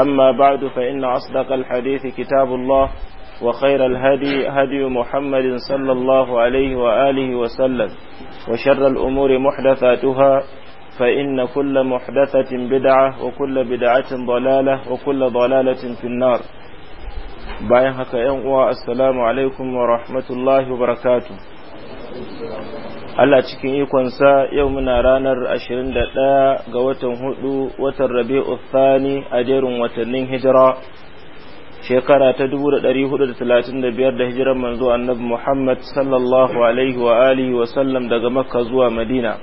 أما بعد فإن أصدق الحديث كتاب الله وخير الهدي هدي محمد صلى الله عليه وآله وسلم وشر الأمور محدثاتها فإن كل محدثة بدعة وكل بدعة ضلالة وكل ضلالة في النار باين هكا السلام عليكم ورحمة الله وبركاته Allah cikin ikonsa yau muna ranar 21 ga watan hudu watan Rabi'u uthani a jerin watannin hijira shekara ta 1435 da hijiran manzo Annabi Muhammad sallallahu alaihi wa alihi wa sallam daga Makka zuwa Madina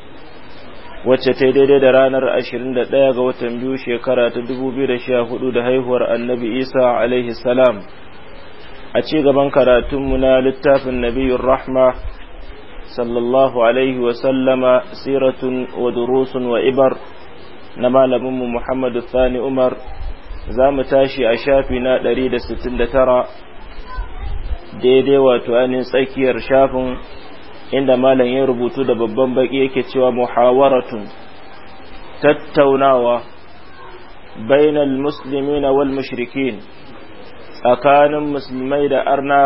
wacce ta daidai da ranar 21 ga watan biyu shekara ta 2014 da haihuwar Annabi Isa alaihi salam a ci gaban karatunmu na littafin Nabiyyur Rahma صلى الله عليه وسلم سيرة ودروس وإبر نمال مم محمد الثاني أمر زام تاشي أشافنا دريد ستند ترى daidai wato ainihin tsakiyar shafin inda malam ya rubutu da babban baki yake cewa muhawaratun tattaunawa bainal muslimina wal tsakanin musulmai da arna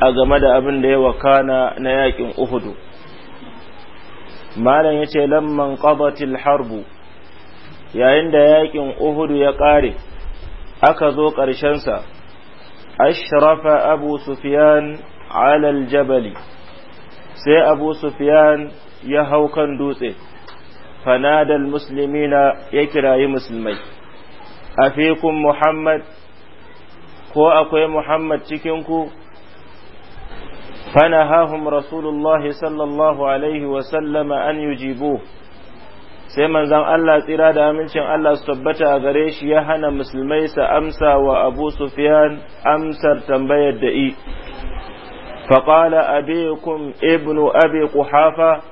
a game da abin da ya wakana na yakin uhudu malam ya ce lamman qabatil harbu yayin da yakin uhudu ya ƙare aka zo ƙarshensa ashrafa abu sufyan alal jabali sai abu sufyan ya hau kan dutse fanadal muslimina ya kirayi musulmai afikun muhammad ko akwai muhammad cikinku فنهاهم رسول الله صلى الله عليه وسلم أن يجيبوه sai manzan Allah tsira da amincin Allah su tabbata a gare shi ya hana musulmai sa amsa wa Abu Sufyan amsar tambayar da i faƙala abikum ibnu abi quhafa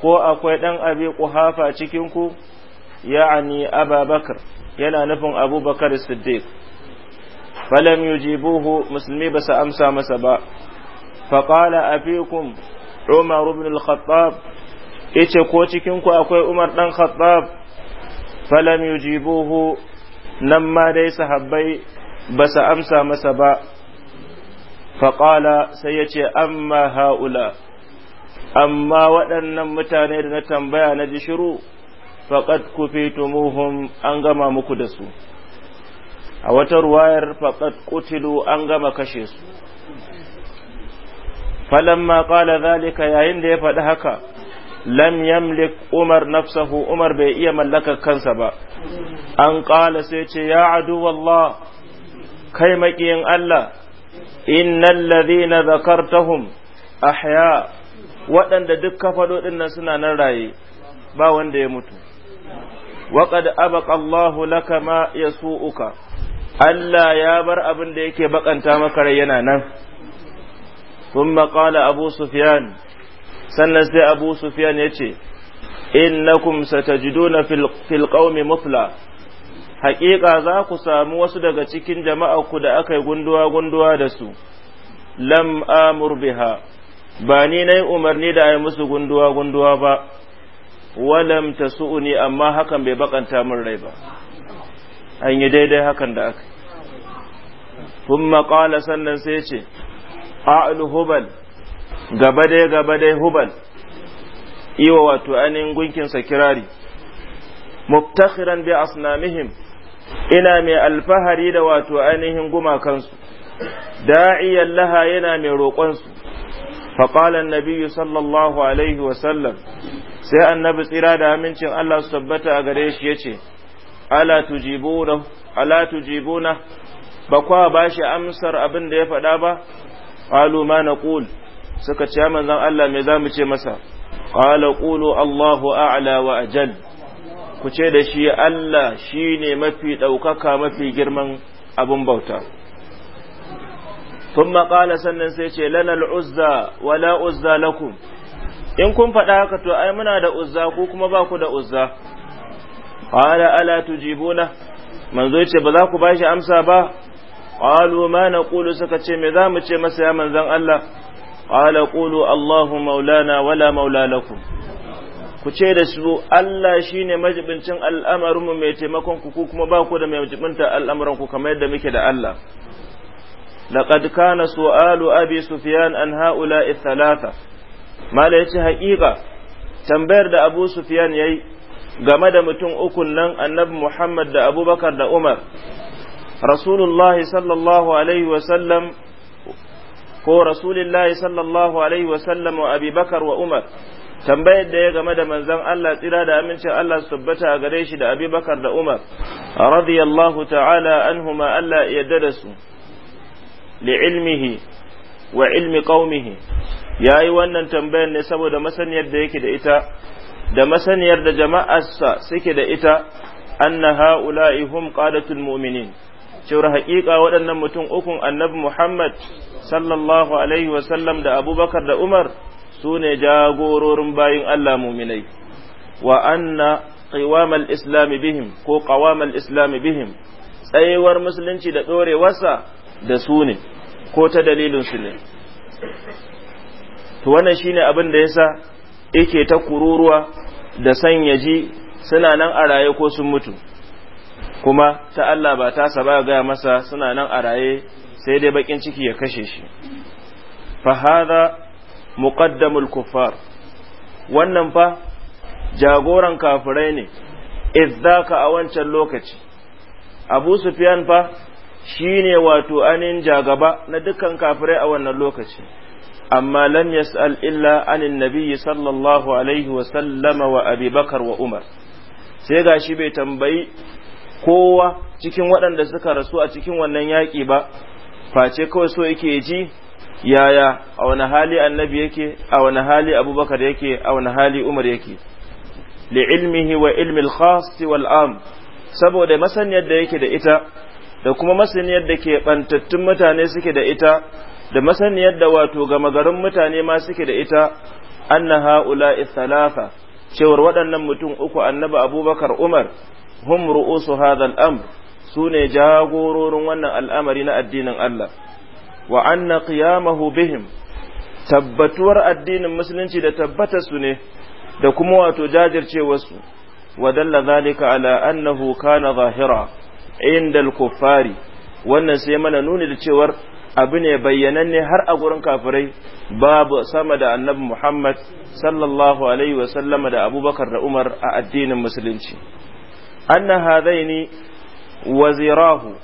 ko akwai ɗan abi quhafa cikinku ya'ani ababakar yana nufin abubakar siddiq falam yujibuhu musulmi ba su amsa masa ba فقال أفيكم عمر بن الخطاب إيش كوتشكنكو أكوي عمر بن الخطاب فلم يجيبوه نما ليس هبي بس أمسى مسبا فقال سيتي أما هؤلاء أما وأن إذن نتنبيا نجشرو فقد كفيتموهم أنغما مكدسو أو wata فقد قتلوا أنغما كشيسو falamma qala zalika yayin da ya faɗi haka lam yamlik umar nafsahu umar bai iya mallakar kansa ba an qala sai ce ya adu wallah kai maƙiyin Allah innal ladhina zakartahum ahya waɗanda duk kafaɗo ɗin nan suna nan raye ba wanda ya mutu waƙad abaka lakama ya su uka. Allah ya bar abin da yake bakanta maka rai yana nan kun maƙala abu sufian sannan sai abu sufian ya ce in na kumsata jiduna filƙauni mutla haƙiƙa za ku samu wasu daga cikin jama'arku da aka yi gunduwa gunduwa da su lam amurbiha ba ni nai umarni da ya musu gunduwa gunduwa ba walanta su'uni amma hakan bai baƙa ta murnai ba an yi daidai hakan da aka yi kun sannan sai ce. a'lu hubal gaba dai gaba dai hubal iwa wato ainihin gunkinsa kirari muftakhiran bi asnamihim ina mai alfahari da wato ainihin gumakansu da'iyan laha yana mai roƙonsu faƙalan nabiyu sallallahu alaihi sallam sai annabi tsira da amincin Allah su tabbata a gare shi yace, ce ala tujibuna ba kwa ba shi amsar abin da ya faɗa ba qalu ma naqul suka ce manzon Allah me mu ce masa qala qulu Allahu a'la wa ajal ku ce da shi Allah ne mafi daukaka mafi girman abun bauta ثم قال sannan sai ce lanal uzza wala uzza lakum in kun faɗa haka to ai muna da uzza ko kuma ba ku da uzza qala ala tujibuna manzo yace ba za ku bashi amsa ba qalu ma naqulu suka ce me zamu ce masa ya manzon Allah qala qulu Allahu maulana wala maula ku ce da su Allah shine majibincin al'amarinmu mai taimakon ku kuma ba ku da mai majibinta al'amuran ku kamar yadda muke da Allah laqad kana su'alu abi sufyan an haula thalatha mala yace haƙiƙa tambayar da abu sufyan yayi game da mutum ukun nan annabi Muhammad da Abubakar da Umar rasulullahi sallallahu alaihi wasallam ko rasulillahi sallallahu alaihi wa umar tambayar da ya game da manzon Allah tsira da amincin Allah su tabbata a gare shi da bakar da umar radiyallahu ta'ala anhuma Allah yadda da su li'ilmihi wa ilmi qaumihi yayi wannan tambayar ne saboda masaniyar da yake da ita da masaniyar da jama'arsa suke da ita anna ha'ula'i hum qadatul mu'minin cewar haƙiƙa waɗannan mutum ukun annabi Muhammad sallallahu Alaihi wasallam da abubakar da Umar su ne jagororin bayin Allah muminai, wa anna qiwamal islami bihim ko qawamal islami bihim tsayewar musulunci da ɗorewarsa da su ne ko ta dalilinsu ne. To wannan shine abin da yasa yake ta kururuwa da ji suna nan a raye ko sun mutu. kuma ta Allah ba ta ba gaya masa suna nan a raye sai dai bakin ciki ya kashe shi fa hadha muqaddamul kuffar wannan fa jagoran kafirai ne ka a wancan lokaci abu sufyan fa shine wato anin jagaba na dukkan kafirai a wannan lokaci amma lam yas'al illa anin nabiyyi sallallahu alaihi wa sallama wa abubakar wa umar sai gashi bai tambayi kowa cikin waɗanda suka rasu a cikin wannan yaƙi ba face kawai so yake ji yaya a wani hali annabi yake a wani hali abubakar yake a wani hali umar yake ilmihi wa ilmi khas wal am saboda masaniyar da yake da ita da kuma masaniyar da ke bantattun mutane suke da ita da masaniyar da wato gama garin mutane ma suke da ita anna haula thalatha cewar waɗannan mutum uku annabi abubakar umar hum ru'usu hadha al-amr sune jagororin wannan al'amari na addinin Allah wa anna qiyamahu bihim tabbatuwar addinin musulunci da tabbata su ne da kuma wato jajircewar su wa dalla zalika ala annahu kana zahira inda al-kuffari wannan sai mana nuna da cewar abu ne bayyananne har a gurin kafirai babu sama da annabi Muhammad sallallahu alaihi wa sallama da Abubakar da Umar a addinin musulunci anna hadaini wazirahu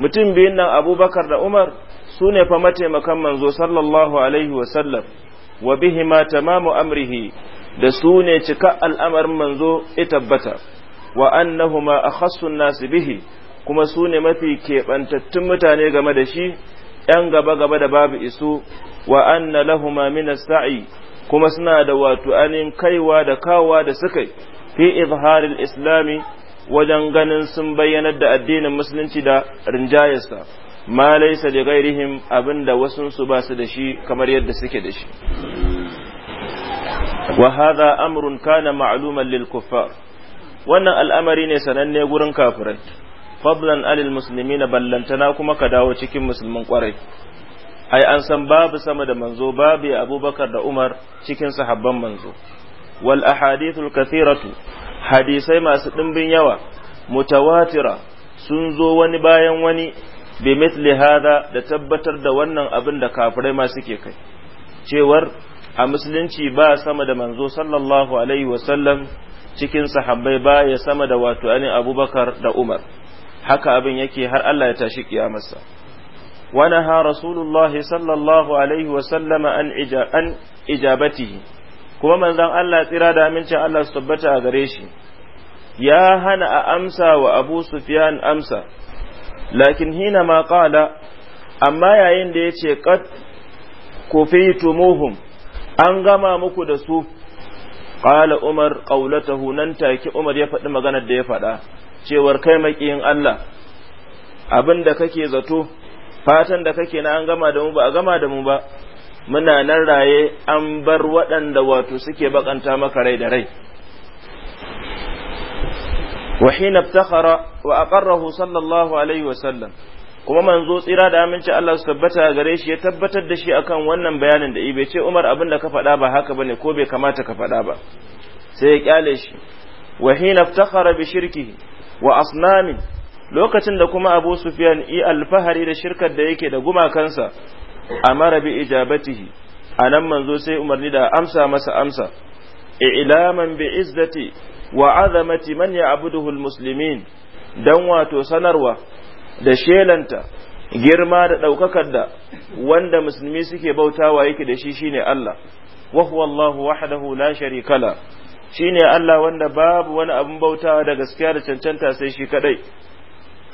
mutum biyun nan abubakar da umar su ne fa mataimakan manzo sallallahu alaihi wasallam wa bihi ma tamamu amrihi da su ne cika al'amarin manzo ya tabbata wa annahuma akhassun nasi bihi kuma su ne mafi keɓantattun mutane game da shi ‘yan gaba-gaba da babu isu wa anna lahuma min sa'i kuma suna da wato anin kaiwa da kawa da sukai fi izharil islami wajen ganin sun bayyanar da addinin musulunci da rinjayarsa ma laisa da gairihim abinda wasunsu ba su da shi kamar yadda suke da shi wa hada amrun kana ma'luman lil kuffar wannan al'amari ne sananne gurin kafirai fadlan alil musulmi muslimina ballantana kuma ka dawo cikin musulmin kwarai ai an san babu sama da manzo babu abubakar da umar cikin sahabban manzo wal ahadithul kathiratu hadisai masu ɗimbin yawa mutawatira sun zo wani bayan wani bi mithli hada da tabbatar da wannan abin da kafirai ma suke kai cewar a musulunci ba sama da manzo sallallahu alaihi sallam cikin sahabbai ba ya sama da wato ani abubakar da umar haka abin yake har Allah ya tashi kiyamarsa ونهى رسول الله صلى الله عليه وسلم عن إجابته kuma manzon Allah tsira da amincin Allah su tabbata a gare shi ya hana a amsa wa Abu Sufyan amsa lakin hina ma qala amma yayin da yace qad kufitumuhum an gama muku da su qala Umar qaulatahu nan take Umar ya faɗi maganar da ya faɗa cewar kai makiyin Allah abin da kake zato fatan da kake na an gama da mu ba a gama da mu ba muna nan raye an bar waɗanda wato suke bakanta maka rai da rai wa hina iftakhara wa aqarrahu sallallahu alaihi wa sallam kuma manzo tsira da aminci Allah su tabbata gare shi ya tabbatar da shi akan wannan bayanin da ibe ce Umar abin da ka faɗa ba haka bane ko bai kamata ka faɗa ba sai ya kyale shi wa hina iftakhara bi shirkihi wa asnami lokacin da kuma Abu Sufyan i alfahari da shirkar da yake da gumakansa amara bi ijabatihi anan manzo sai umarni da amsa masa amsa i'laman bi izzati wa azamati man ya'buduhu almuslimin dan wato sanarwa da shelanta girma da daukakar da wanda musulmi suke bautawa yake da shi shine Allah wa huwa Allahu wahdahu la sharika la shine Allah wanda babu wani abin bautawa da gaskiya da cancanta sai shi kadai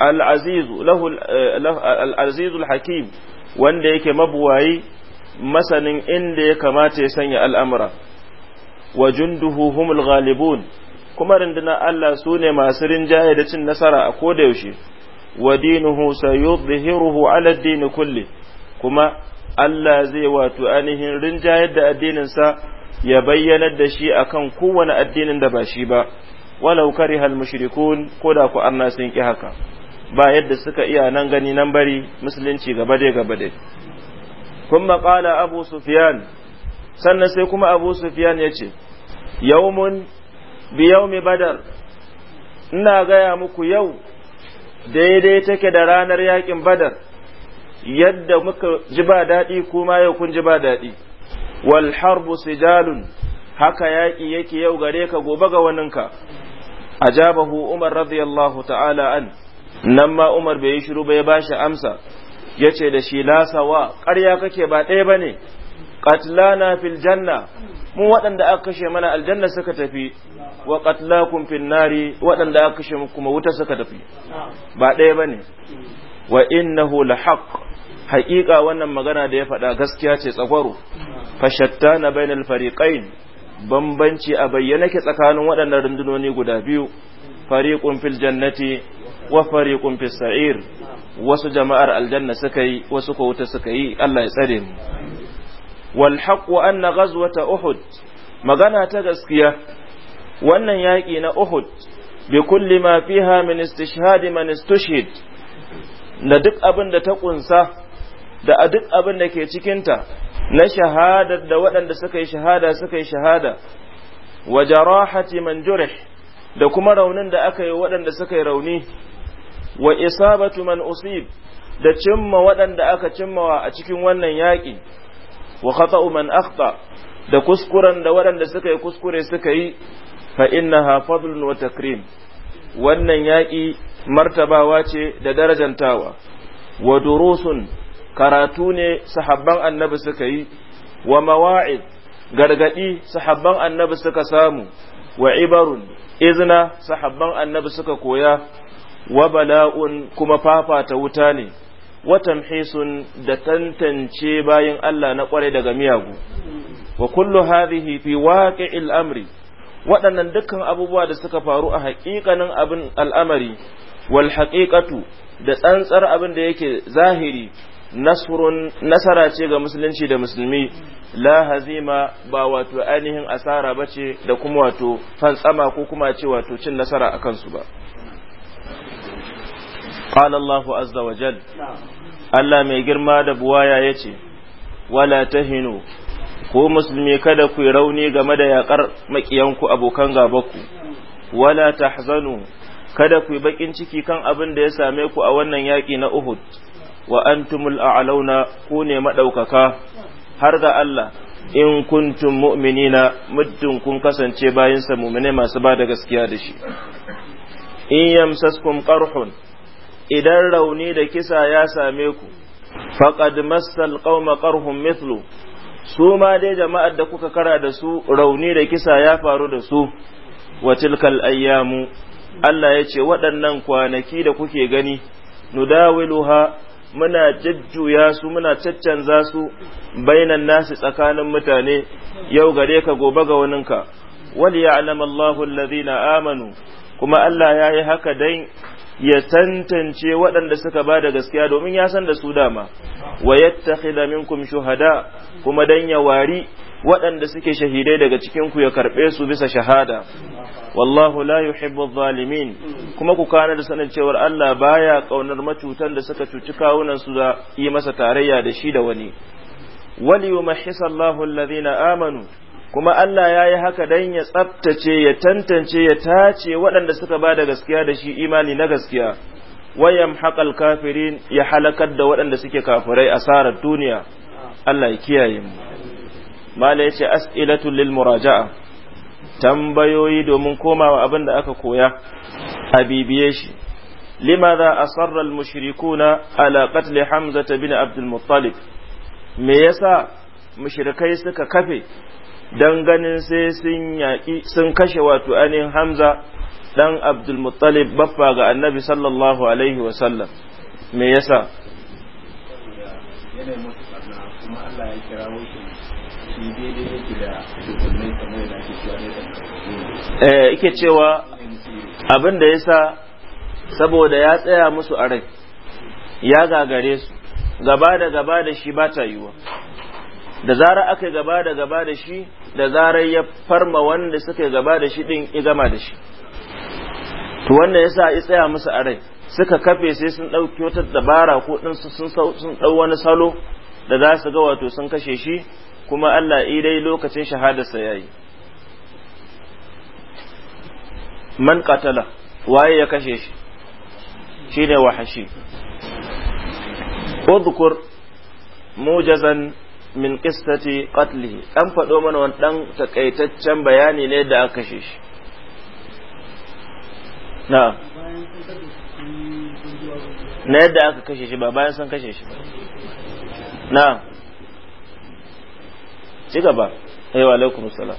al-azizu lahu eh, al-azizu al-hakim wanda yake mabuwayi masanin inda ya kamata ya sanya al'amura wa junduhu humul ghalibun kuma rinduna Allah sune masu rinjaye da cin nasara a kodayaushe wa dinuhu sayudhihiruhu ala dini kulli kuma Allah zai wato ainihin rinjayar da addininsa ya bayyanar da shi akan kowane addinin da ba shi ba walau karihal mushrikun koda ku arna sun ki haka ba yadda suka iya nan gani nan bari musulunci gaba dai gaba dai kun maƙala abu sufiyan sannan sai kuma abu sufiyan ya ce yaumun bi yaumi badar ina gaya muku yau daidai take da ranar yakin badar yadda muka ji ba daɗi kuma yau kun ji ba daɗi wal harbu sijalun haka yaƙi yake yau gare ka gobe ga waninka ajabahu umar radiyallahu ta'ala an nan ma Umar bai yi shiru ba ya bashi amsa ce da shi lasawa ƙarya kake ba ɗaya bane ƙatlana fil janna mu waɗanda aka kashe mana aljanna suka tafi wa kun fil nari waɗanda aka kashe kuma wuta suka tafi ba ɗaya bane wa innahu lahaq haƙiƙa wannan magana da ya faɗa gaskiya ce tsakwaro fashatta na bainal fariƙain bambanci a bayyana ke tsakanin waɗannan rundunoni guda biyu fariƙun fil jannati wa fariqun fis sa'ir wasu jama'ar aljanna suka yi wasu ko wuta suka yi Allah ya tsare mu wal haqqu anna uhud magana ta gaskiya wannan yaƙi na uhud bi kulli ma fiha min istishhad man istushhid da duk abin da ta kunsa da a duk abin da ke cikinta na shahadar da waɗanda suka yi shahada suka yi shahada wa jarahati man jurih da kuma raunin da aka yi waɗanda suka yi rauni wa isabatu man usib da cimma waɗanda aka cimmawa a cikin wannan yaƙi wa khata'u man akhta da kuskuren da waɗanda suka yi kuskure suka yi fa innaha fadlun wa takrim wannan yaƙi martabawa ce da darajantawa wa durusun karatu ne sahabban annabi suka yi wa mawa'id gargadi sahabban annabi suka samu wa ibarun izina sahabban annabi suka koya wa bala'un kuma fafata wuta ne wa tamhisun da tantance bayan Allah na kwarai daga miyagu wa kullu hadhihi fi waqi'il amri waɗannan dukkan abubuwa da suka faru a haƙiƙanin abin al'amari wal haƙiƙatu da tsantsar abin da yake zahiri nasara ce ga musulunci da musulmi la hazima ba wato ainihin asara ba ce da kuma wato fantsama ko kuma ce wato cin nasara a kansu ba Alallahu azza wa jal. Allah mai girma da buwaya ya ce, Wala ta hinu, ko musulmi kada ku rauni game da yaƙar maƙiyanku abokan gabaku, wala tahzanu, kada ku baƙin ciki kan abin da ya same ku a wannan yaƙi na Uhud, wa antumul a'launa ku ne maɗaukaka? har da Allah in kuntum mu'minina muddin kun kasance bayinsa mu'mine masu ba da gaskiya da shi in yamsaskum qarhun idan rauni da kisa ya same ku faqad massal qauma qarhun mithlu su ma dai jama'ar da kuka kara da su rauni da kisa ya faru da su wa tilkal ayyamu Allah ya ce waɗannan kwanaki da kuke gani nudawiluha muna jajjuya su muna caccanza su bainan nasu tsakanin mutane yau gare ka gobe ga waninka wal ya'lamu Allahu alladhina amanu kuma Allah ya yi haka dan ya tantance waɗanda suka ba da gaskiya domin ya san da su dama wa yattakhidha minkum shuhada kuma dan ya wari waɗanda suke shahidai daga cikin ku ya karɓe su bisa shahada wallahu la yuhibbu zalimin kuma ku kana da sanin cewar Allah baya kaunar macutan da suka cuci kawunan su da yi masa tarayya da shi da wani wali yumahhisa Allahu alladhina amanu kuma Allah ya yi haka dan ya tsaftace ya tantance ya tace waɗanda suka ba da gaskiya da shi imani na gaskiya wayan haƙar kafirin ya halakar da waɗanda suke kafirai asarar duniya Allah ya kiyaye mu mala yace as'ilatu lil muraja'a tambayoyi domin komawa abin da aka koya a bibiye shi limadha asarra al-mushrikuna ala qatl hamza bin abd me yasa mushrikai suka kafe dan ganin sai sun yaƙi sun kashe wato anin hamza dan abdul baffa ga annabi sallallahu alaihi Wasallam, me yasa ya ike eh, cewa abin da ya sa saboda ya tsaya musu a rai ya gagare su gaba da gaba da shi ba ta yiwa da zarar aka gaba da gaba da shi da zarar ya farma wanda suka gaba da shi din ya gama da shi to wanda yasa ya tsaya musu a rai suka kafe sai sun ɗauki wata dabara ko ɗin sun ɗau wani salo da za su ga wato sun kashe shi kuma Allah idai lokacin shahadarsa yayi man katala waye ya kashe shi shine wahashi udhkur mujazan min qistati qatlihi an faɗo mana wani ɗan takaitaccen bayani ne da aka kashe shi na na yadda aka kashe shi ba bayan sun kashe shi na ci gaba ayi wa alaikum salam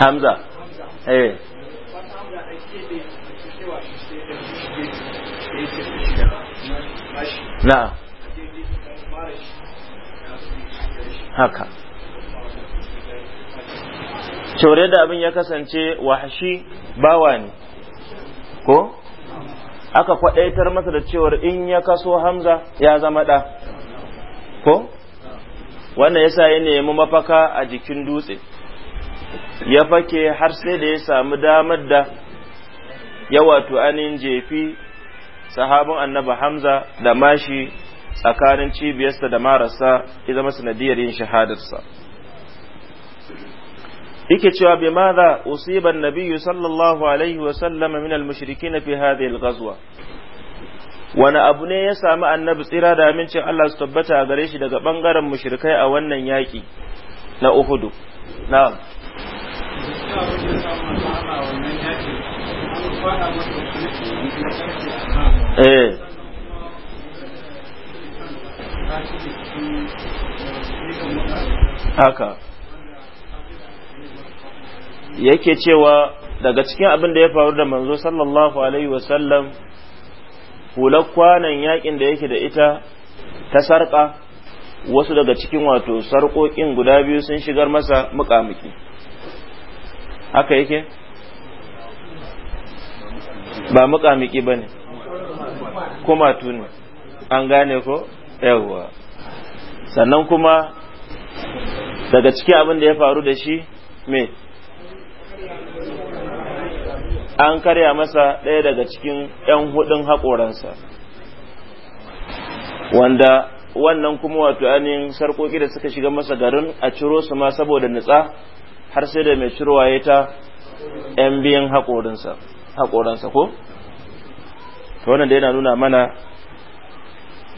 hamza eh na haka cewar da abin ya kasance wahashi bawa ne ko aka kwadaitar masa da cewar in ya kaso hamza ya zama ɗa ko wannan yasa ya nemi mafaka a jikin dutse ya fake har sai da ya samu damar da ya wato anin jefi sahabin annaba hamza da mashi tsakanin cibiyarsa da marasa ya zama sanadiyar yin shahadarsa yake cewa bi ma usiba usiban nabiyu sallallahu alaihi wa sallama min al-mushrikin fi hadhihi al-ghazwa wani abu ne ya sami annabi tsira da amincin Allah su tabbata a gare shi daga bangaren mushrikai a wannan yaki na Uhudu na'am eh haka yake cewa daga cikin abin da ya faru da manzo sallallahu alaihi wasallam hular kwanan yakin da yake da ita ta sarƙa wasu daga cikin wato sarƙoƙin guda biyu sun shigar masa muƙamuƙi haka yake ba muƙamuƙi ba ne kuma tuni an gane ko yawwa sannan kuma daga cikin abin da ya faru da shi me an karya masa ɗaya daga cikin 'yan hudun haƙoransa wanda wannan kuma wato ainihin sarƙoƙi da suka shiga masa garin a ciro su ma saboda nitsa har sai da mai cirowa ya ta 'yan biyan haƙoransa ko? ta wannan da yana nuna mana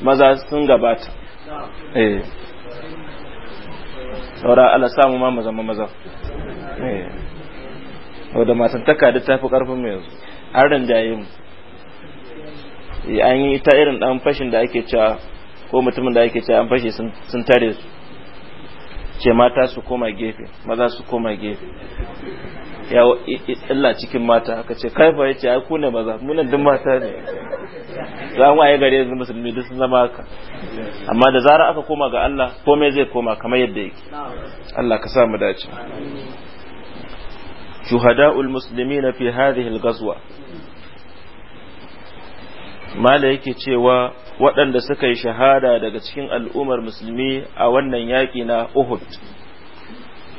maza sun gabata eh saura ala samu ma maza maza eh wadda matantaka da tafi karfin mai yanzu an rinjaye eh, an yi ta irin dan fashin da ake cewa ko mutumin da ake cewa an fashe sun tare su ce mata su koma gefe maza su koma gefe ya illa cikin mata aka ce kaifa ya ce ai ku ne maza munan duk mata ne za mu ayi gare yanzu musulmi duk sun zama haka amma da zara aka koma ga Allah komai zai koma kamar yadda yake Allah ka sa mu dace شهداء المسلمين في هذه الغزوة ما ليك cewa waɗanda suka yi shahada daga cikin al'ummar musulmi a wannan yaƙi na Uhud.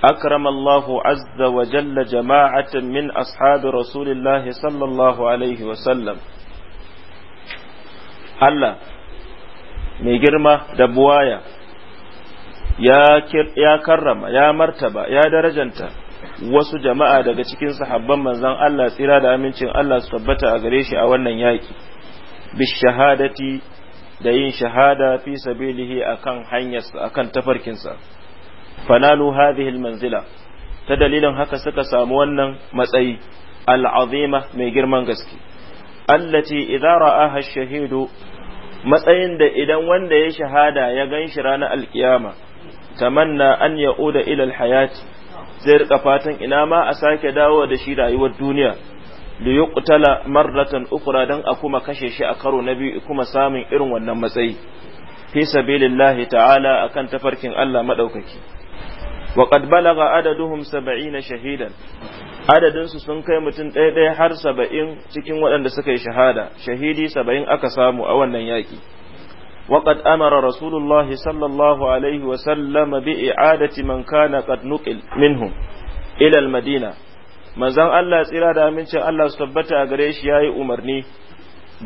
Akramallahu azza wa jalla jama'atan min ashabi Rasulillahi sallallahu Alaihi wasallam. Allah, mai girma da buwaya, ya karrama, ya martaba, ya darajanta. wasu jama'a daga cikin sahabban manzon Allah tsira da amincin Allah su tabbata a gare shi a wannan yaki bishahadati da yin shahada fi sabilihi akan hanyarsa akan tafarkinsa fanalu hadhihi almanzila ta dalilin haka suka samu wannan matsayi al'azima mai girman gaske allati idza ra'aha ash-shahidu matsayin da idan wanda ya shahada ya ganshi ranar alkiyama tamanna an ya'uda ila ilal hayati zai rika fatan ina ma a sake dawo da shi rayuwar duniya da ya kutala marratan ukura don a kuma kashe shi a karo na biyu kuma samun irin wannan matsayi fi sabilillahi ta'ala akan tafarkin Allah maɗaukaki. wa qad balaga adaduhum na shahidan adadin su sun kai mutum ɗaya ɗaya har saba'in cikin waɗanda suka yi shahada shahidi 70 aka samu a wannan yaki وقد أمر رسول الله صلى الله عليه وسلم بإعادة من كان قد نقل منهم إلى المدينة manzon Allah tsira da amincin Allah su tabbata a gare shi yayi umarni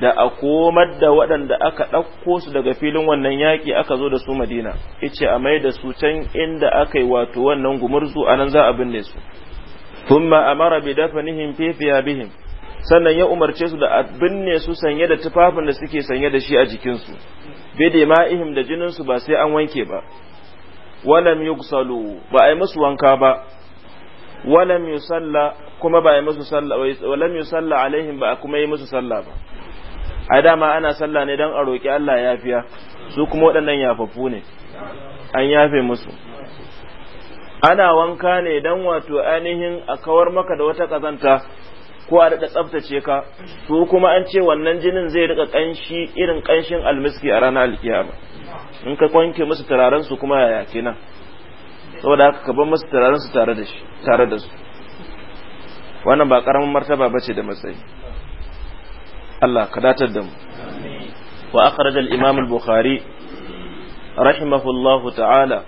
da a komar da waɗanda aka ɗauko su daga filin wannan yaƙi aka zo da su Madina ice a mai da su can inda aka yi wato wannan gumurzu anan za a binne su a mara bi nihin fefiya bihin. sannan ya umarce su da a binne su sanye da tufafin da suke sanye da shi a jikinsu da ma'ihim da jininsu ba sai an wanke ba walam yugsalu ba a yi musu wanka ba walam salla kuma ba a yi musu salla walam salla alaihim ba a kuma yi musu salla ba a dama ana salla ne don a roƙi Allah yafiya su kuma waɗannan yafafu ne an yafe musu ana wanka ne don wato ainihin a kawar maka da wata ƙazanta ko a rika tsaftace ka su kuma an ce wannan jinin zai rika kanshi irin kanshin almiski a ranar alkiyama in ka kwanke musu turaren su kuma yaya kenan saboda haka ka bar musu turaren su tare da shi tare da su wannan ba karamin martaba bace da matsayi Allah ka datar da mu wa akhraj al-imam al-bukhari rahimahullahu ta'ala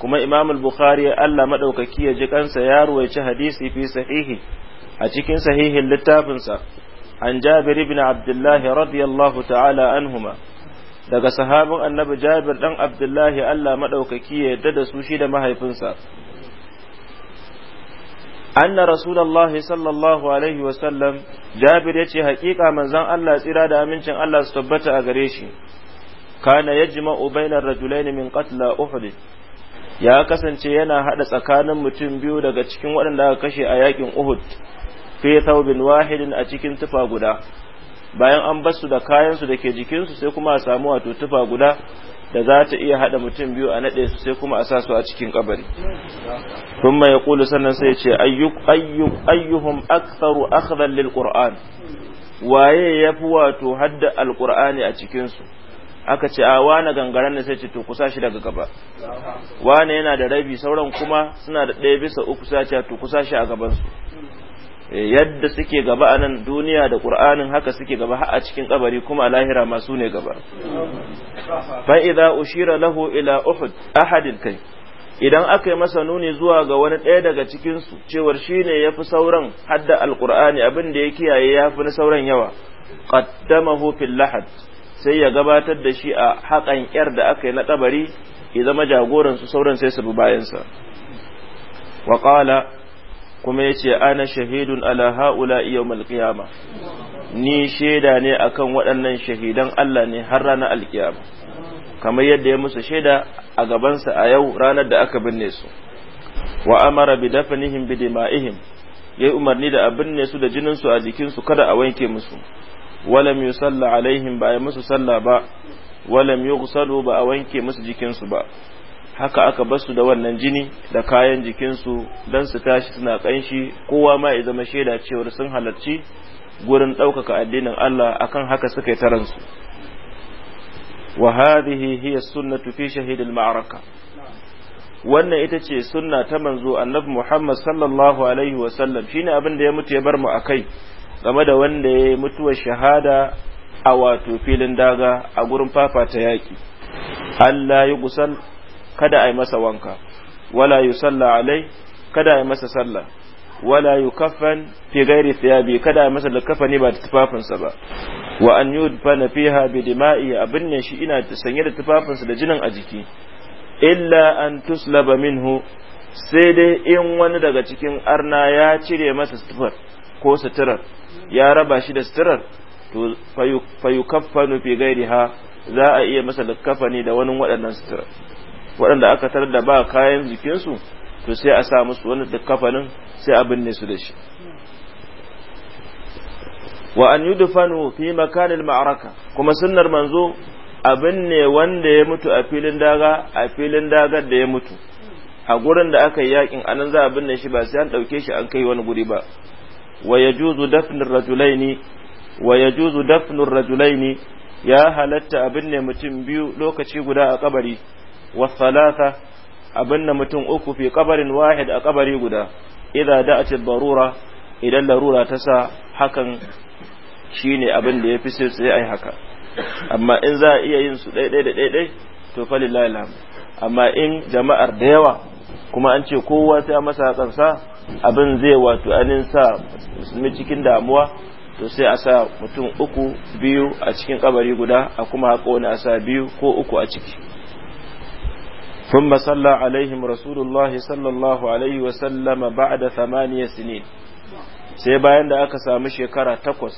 kuma imam al-bukhari Allah madaukaki ya ji kansa ya ruwaici hadisi fi sahihi a cikin sahihin littafinsa an jabir ibn abdullah radiyallahu ta'ala anhu ma, daga sahabin annabi jabir dan abdullahi Allah maɗaukaki ya yarda da su shi da mahaifinsa anna rasulullahi sallallahu alaihi wa sallam jabir yace hakika manzon Allah tsira da amincin Allah su tabbata a gare shi kana yajma'u bainar rajulaini min qatla uhud ya kasance yana haɗa tsakanin mutum biyu daga cikin waɗanda aka kashe a yakin uhud fi thawbin wahidin a cikin tufa guda bayan an basu da kayan su dake jikin su sai kuma a samu wato tufa guda da za ta iya hada mutum biyu a nade su sai kuma a sa su a cikin kabari kuma ya kulu sannan sai ce ayyuk ayyuk ayyuhum aktharu akhdan lil qur'an waye yafi wato hadda alqur'ani a cikin su aka ce a wane gangaren ne sai ce to kusa shi daga gaba wane yana da rabi sauran kuma suna da ɗaya bisa uku sai ce to kusa shi a gaban su yadda suke gaba a nan duniya da ƙur'anin haka suke gaba a cikin kabari kuma a lahira masu ne gaba fa idan ushira lahu ila uhud ahadin kai idan aka yi masa nuni zuwa ga wani ɗaya daga cikinsu cewar shi ne ya fi sauran hadda al abin da ya kiyaye yafi na sauran yawa qaddamahu fil lahad sai ya gabatar da shi a haƙan yar da aka yi na kabari ya zama jagoran sauran sai su bi bayansa wa qala kuma ya ce ana shahidun ala ha'ula yawmal qiyama ni shaida ne akan waɗannan shahidan Allah ne har rana alƙiyama kamar yadda ya musu shaida a gabansa a yau ranar da aka binne su wa amara bi dafanihim bi dima'ihim yayi umarni da a binne su da jinin su a jikinsu kada a wanke musu walam yusalla alaihim ba ya musu salla ba walam yughsalu ba a wanke musu jikinsu ba haka aka basu da wannan jini da kayan jikinsu don su tashi suna kanshi kowa ma ya zama shaida cewar sun halarci gurin ɗaukaka addinin Allah akan haka suka yi taransu wa hadhihi hiya sunnatu fi shahid al-ma'raka wannan ita ce sunna ta manzo annabi Muhammad sallallahu alaihi wa sallam shine abin da ya mutu ya bar mu akai game da wanda ya mutuwar shahada a wato filin daga a gurin fafata yaki Allah ya gusal kada a yi masa wanka wala yusalla alai kada a yi masa sallah wala yukaffan fi ghairi thiyabi kada a masa ne ba da tufafinsa ba wa an yudfana fiha bi dima'i abin shi ina sanye da tufafinsa da jinin a jiki illa an tuslaba minhu sai dai in wani daga cikin arna ya cire masa sufar ko suturar ya raba shi da suturar to fa fi ghairiha za a iya masa ne da wani waɗannan suturar waɗanda aka tarar da ba kayan jikinsu to sai a sa musu wani kafanin sai a binne su da shi wa an yudfanu fi makanil ma'araka kuma sunnar manzo abin ne wanda ya mutu a filin daga a filin dagar da ya mutu a gurin da aka yi yakin anan za a binne shi ba sai an ɗauke shi an kai wani guri ba wa yajuzu dafnin rajulaini wa yajuzu rajulaini ya halatta abin ne mutum biyu lokaci guda a kabari wasalasa abinda mutum uku fi kabarin wahid a kabari guda idza da'at darura idan larura ta sa hakan shine abin da yafi sai sai ayi haka amma in za a iya yin su daidai da daidai to fali alhamd amma in jama'ar da yawa kuma an ce kowa sai masa abin zai wato anin sa musulmi cikin damuwa to a sa mutum uku biyu a cikin kabari guda a kuma haƙo wani a sa biyu ko uku a ciki ثم صلى عليهم رسول الله صلى الله عليه وسلم بعد ثمانية سنين sai bayan da aka samu shekara takwas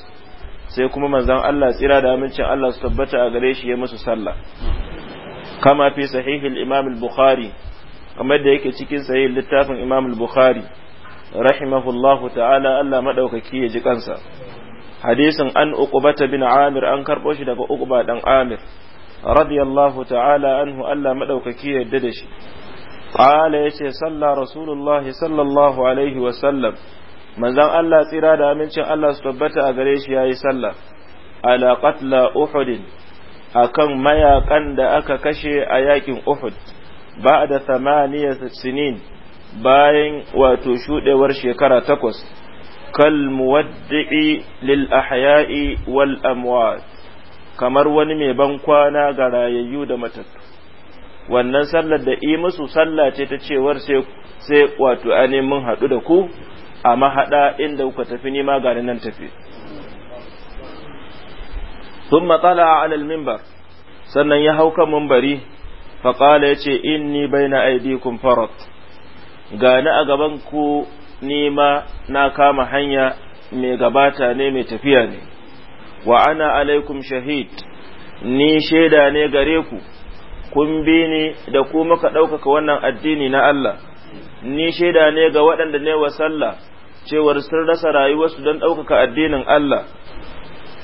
sai kuma manzan Allah tsira da amincin Allah su tabbata a gare shi ya musu sallah kama fi sahihil imam al-bukhari kamar da yake cikin sahih littafin imam al-bukhari rahimahullahu ta'ala Allah madaukaki ya ji kansa hadisin an uqbata bin amir an karbo shi daga uqba dan amir radiyallahu ta'ala anhu Allah madaukaki ya yarda da shi qala yace salla rasulullah sallallahu alaihi wa sallam manzon Allah tsira da amincin Allah su tabbata a gare shi yayi sallah ala qatla uhud akan mayakan da aka kashe a yakin uhud ba'da thamaniyat sinin bayan wato shudewar shekara takwas kal muwaddi'i lil ahya'i wal amwat kamar wani mai ban kwana ga rayayyu da matattu wannan sallar da i musu sallah ce ta cewar sai wato a neman haɗu da ku a mahaɗa inda kuka tafi nima ga nan tafi sun matsala a alal mimbar sannan ya hauka kan mimbari faƙala ya ce ni bai na aidikun farot gani a gaban ku nima na kama hanya mai gabata ne mai tafiya ne wa ana alaikum shahid ni shaida ne gare ku kun bi ni da ku muka ɗaukaka wannan addini na Allah ni shaida ne ga waɗanda ne wa sallah cewar sun rasa rayuwarsu don ɗaukaka addinin Allah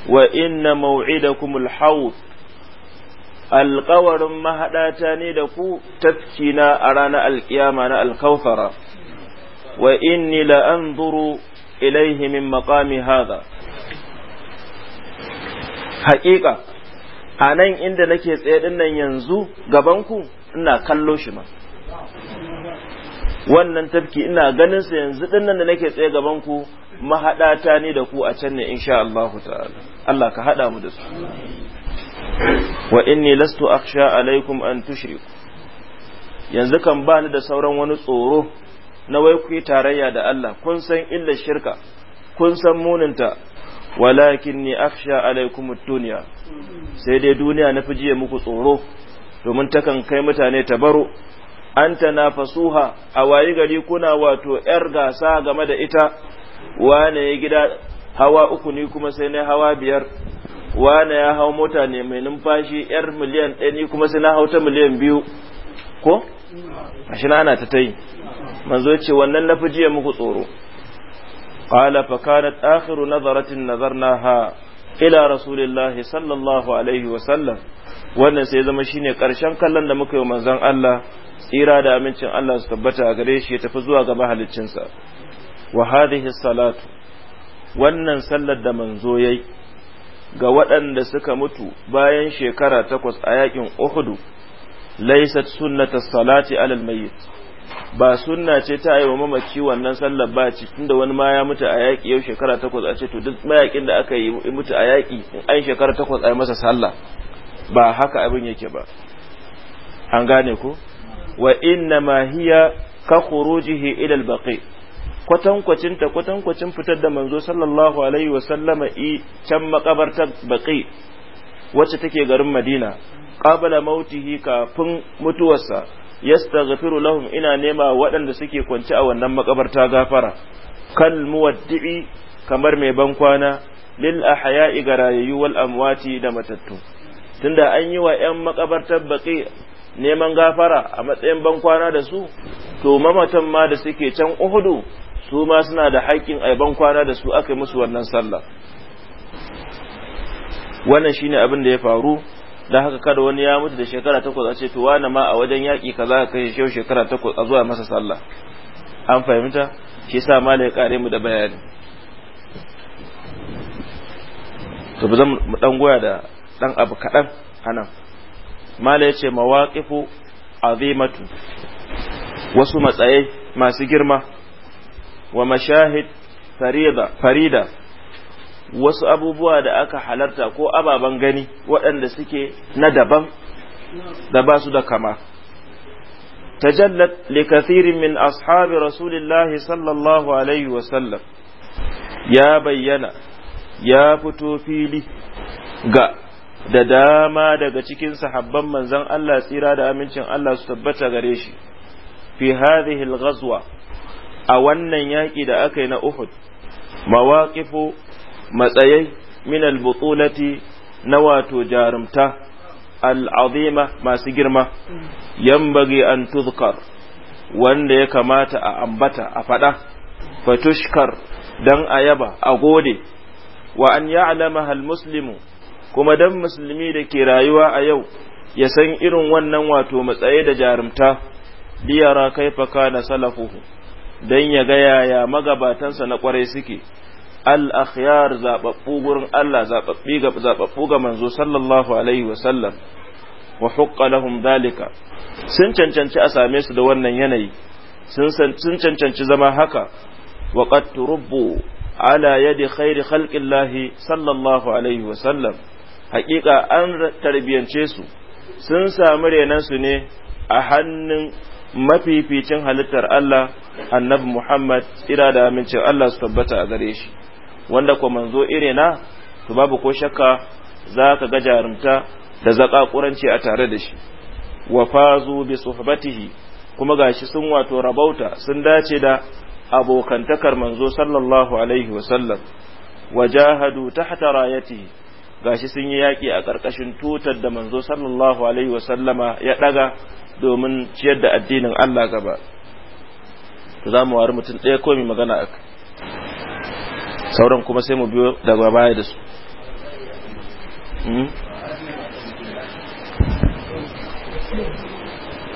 wa inna maw'idakum al-hawd alƙawarin mahaɗata ne da ku tafkina a ranar alƙiyama na alkausara wa inni la anzuru ilaihi min maqami hadha haƙiƙa a nan inda nake tsaye din nan yanzu gabanku ina kallo shi ma wannan tafki ina ganin sa yanzu din nan da nake tsaye gabanku mahaɗata ne da ku a can ne insha Allah ta'ala Allah ka haɗa mu da su wa inni lastu akhsha alaikum an tushriku yanzu kan ba ni da sauran wani tsoro na wai ku yi tarayya da Allah kun san illar shirka kun san muninta walakinni akhsha alaikum ad-dunya sai dai duniya na fijiye muku tsoro domin takan kai mutane tabaro an ta fasuha a wayi gari kuna wato yar gasa game da ita wane ya gida hawa uku ni kuma sai na hawa biyar wane ya hau mota ne mai numfashi yar miliyan ɗaya ni kuma sai na hau ta miliyan biyu ko? Ashe na ana ta ta'i manzo ce wannan na fi jiya muku tsoro. قال فكانت آخر نظرة نظرناها إلى رسول الله صلى الله عليه وسلم wannan sai zama shine karshen kallon da muka yi manzon Allah tsira da amincin Allah su tabbata a gare shi ya tafi zuwa ga mahaliccinsa wa hadhihi salatu wannan sallar da manzo yayi ga waɗanda suka mutu bayan shekara takwas a yakin Uhud laysat sunnata salati alal mayyit ba sunna ce ta yi wa mamaci wannan sallar ba ce tunda wani ma ya mutu a yaƙi yau shekara takwas a ce to duk mayaƙin da aka yi mutu a yaƙi an shekara takwas a yi masa sallah ba haka abin yake ba an gane ko wa inna ma hiya ka khurujihi ila al-baqi kwatankwacin ta kwatankwacin fitar da manzo sallallahu alaihi wa sallama i can makabartar baqi wacce take garin Madina qabla mautihi kafin mutuwarsa yastaghfiru lahum ina nema waɗanda suke kwance a wannan makabarta gafara kal muwaddi'i kamar mai ban kwana lil ahya'i garayyu wal amwati da matattu tunda an yi wa ƴan makabartar baki neman gafara a matsayin ban kwana da su to mamatan ma da suke can Uhudu su ma suna da haƙƙin ai ban kwana da su aka yi musu wannan sallah wannan shine abin da ya faru da haka kada wani ya mutu da shekara takwas a ce to wani ma a wajen yaki ka za ka kai shi shekara takwas a zuwa masa sallah an fahimta shi sa ma ya kare mu da bayani to ba mu dan goya da dan abu kaɗan anan mala yace ce azimatu wasu matsaye masu girma wa mashahid farida wasu abubuwa da aka halarta ko ababen gani waɗanda suke na daban da ba su da kama tajallat li kathirin min ashabi rasulillahi sallallahu alaihi sallam ya bayyana ya fito fili ga da dama daga cikin sahabban manzon Allah tsira da amincin Allah su tabbata gare shi fi hadhihi al a wannan yaƙi da aka yi na Uhud mawaqifu matsayai min albutulati na wato jarumta al'azima masu girma Yan bage an tuzkar wanda ya kamata a ambata a fada fatushkar Don a yaba a gode wa an ya'lama hal muslimu kuma don musulmi da ke rayuwa a yau ya san irin wannan wato matsayi da jarumta liyara kaifaka na salafuhu Don ya gaya yaya magabatansa na kwarai suke al-akhyar zababbu gurin Allah zababbi ga zababbu ga manzo sallallahu alaihi wa sallam wa huqqa lahum dalika sun cancanci a same su da wannan yanayi sun cancanci zama haka wa qad turubbu ala yadi khairi khalqillahi sallallahu alaihi wa sallam haƙiƙa an tarbiyance su sun samu su ne a hannun mafificin halittar Allah annabi Muhammad ira da amincin Allah su tabbata a gare shi wanda ko manzo na to babu ko shakka za ka ga jarumta da zaƙaƙuranci a tare da shi wa fazu bi suhbatihi kuma gashi sun wato rabauta sun dace da abokantakar manzo sallallahu alaihi wa sallam wa tahta rayatihi gashi sun yi yaƙi a ƙarƙashin tutar da manzo sallallahu alaihi wa sallama ya ɗaga domin ciyar da addinin Allah gaba to za wari mutum ɗaya ko mai magana akai sauran kuma sai mu biyo daga baya da su hmm?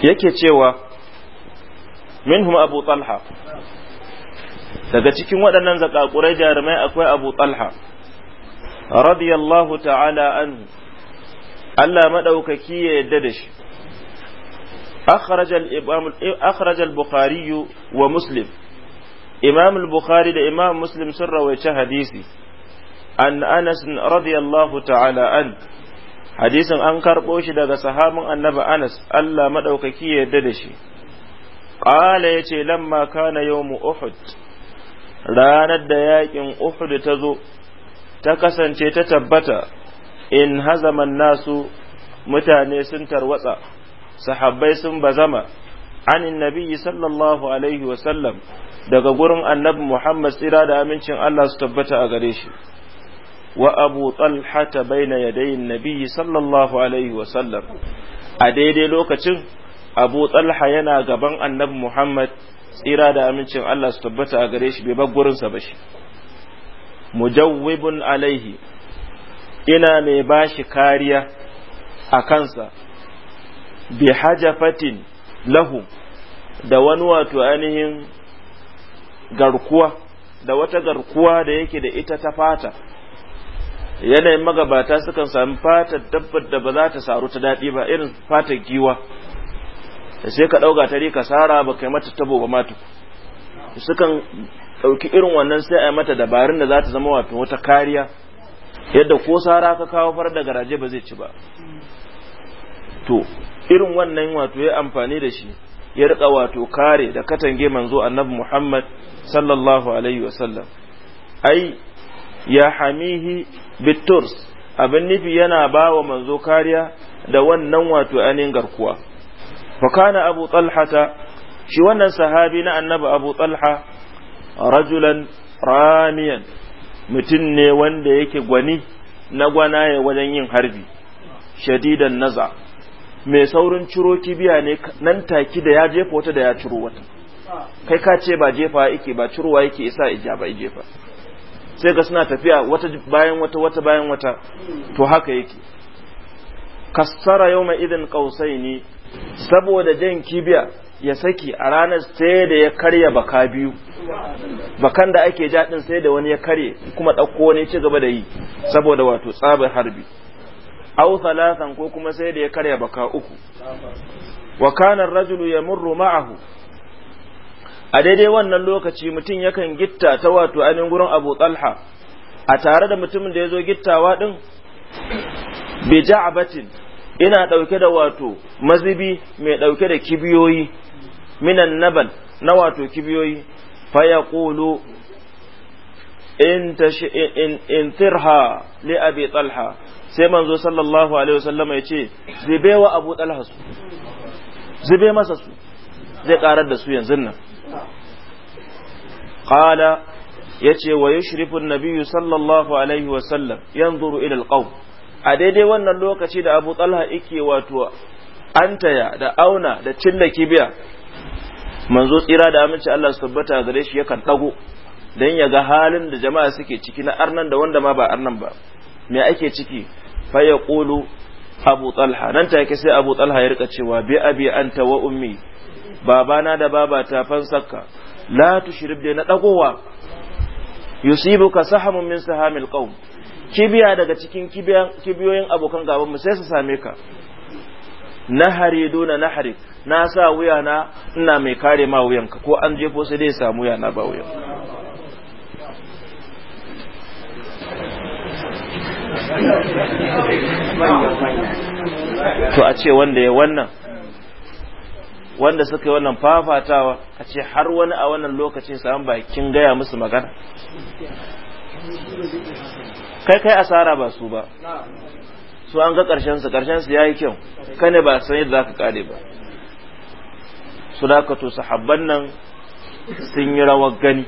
yake cewa minhum abu talha daga cikin waɗannan zakakurai jarumai akwai abu talha radiyallahu ta'ala anhu Allah maɗaukaki ya yadda da shi Bukhariyu wa muslim. Imamul bukhari da imam muslim sun rawaice hadisi an anas radiyallahu ta'ala an hadisin an karɓo shi daga sahabin annabi anas allah maɗaukaki ya yarda da shi ƙala ya ce lamma kana yawmu uhud ranar da yaƙin uhud ta zo ta kasance ta tabbata in hazaman nasu mutane sun tarwatsa sahabbai sun bazama anin nabiyyi sallallahu alaihi wasallam daga gurin annabi Muhammad tsira da amincin Allah su tabbata a gare shi wa abu talhata baina yadayin nabiyyi sallallahu alaihi wa sallam a daidai lokacin abu talha yana gaban annabi Muhammad tsira da amincin Allah su tabbata a gare shi bai bar gurinsa ba shi mujawwibun alaihi ina mai bashi kariya a kansa bi hajafatin lahu da wani wato ainihin garkuwa da wata garkuwa da yake da ita ta fata yanayin magabata sukan sami fatar dabbar da ba za ta saru ta daɗi ba irin fatar giwa da sai ka ɗauka ta rika sara ba kai mata tabo ba matu sukan ɗauki irin wannan sai a yi mata dabarun da za ta zama wato wata kariya yadda ko sara ka kawo far da garaje ba zai ci ba to irin wannan wato ya amfani da shi ya rika wato kare da katange manzo annabi Muhammad sallallahu alaihi wasallam ai ya hamihi biturs abin nufi yana ba wa manzo kariya da wannan wato ainihin garkuwa fakana abu talhata shi wannan sahabi na annabi abu talha rajulan ramiyan mutum ne wanda yake gwani na gwanaye wajen yin harbi shadidan naza' mai saurin ciro kibiya ne nan taki da ya jefa wata da ya ciro wata kai ka ce ba jefa yake ba cirowa yake isa ija ba jefa sai ga suna tafiya wata bayan wata wata bayan wata to haka yake kassara yau mai idin kausai ne saboda jan kibiya ya saki a ranar sai da ya karya baka biyu bakan da ake jaɗin sai da wani ya karye kuma ɗauko wani ci gaba da yi saboda wato tsabar harbi aw thalathan ko kuma sai da ya karya baka uku wa kana ar-rajulu yamurru ma'ahu a daidai wannan lokaci mutum yakan gitta ta wato ainihin gurin Abu Talha a tare da mutumin da ya zo gittawa din bi ja'batin ina dauke da wato mazibi mai dauke da kibiyoyi minan nabal na wato kibiyoyi fa yaqulu in tirha li abi talha sai manzo sallallahu alaihi wasallama ya ce zube wa abu talha su zube masa su zai karar da su yanzu nan qala yace wa yushrifu an-nabiyyu sallallahu alaihi wasallam yanzuru ila al-qawm a daidai wannan lokaci da abu talha yake wato antaya da auna da cinna kibiya manzo tsira da aminci Allah su tabbata gare shi yakan dago dan ya ga halin da jama'a suke ciki na arnan da wanda ma ba arnan ba me ake ciki fa kulu abu talha nan ta take sai abu talha ya rika cewa bi abi anta wa ummi babana da babata fansakka la tushrib da na dagowa yusibuka sahamun min sahamil qaum kibiya daga cikin kibiyoyin abokan gaban mu sai su same ka nahari duna nahari na sa wuya na ina mai kare ma wuyanka ko an jefo sai dai samu wuya na ba wuyanka to a ce wanda ya wannan wanda suka yi wannan fafatawa a ce har wani a wannan lokacin samun bakin gaya musu magana kai kai asara ba su ba su an ga ƙarshensu su ya yi kyau kane ba san yadda za ka kare ba su da ka to sahabban nan sun yi rawar gani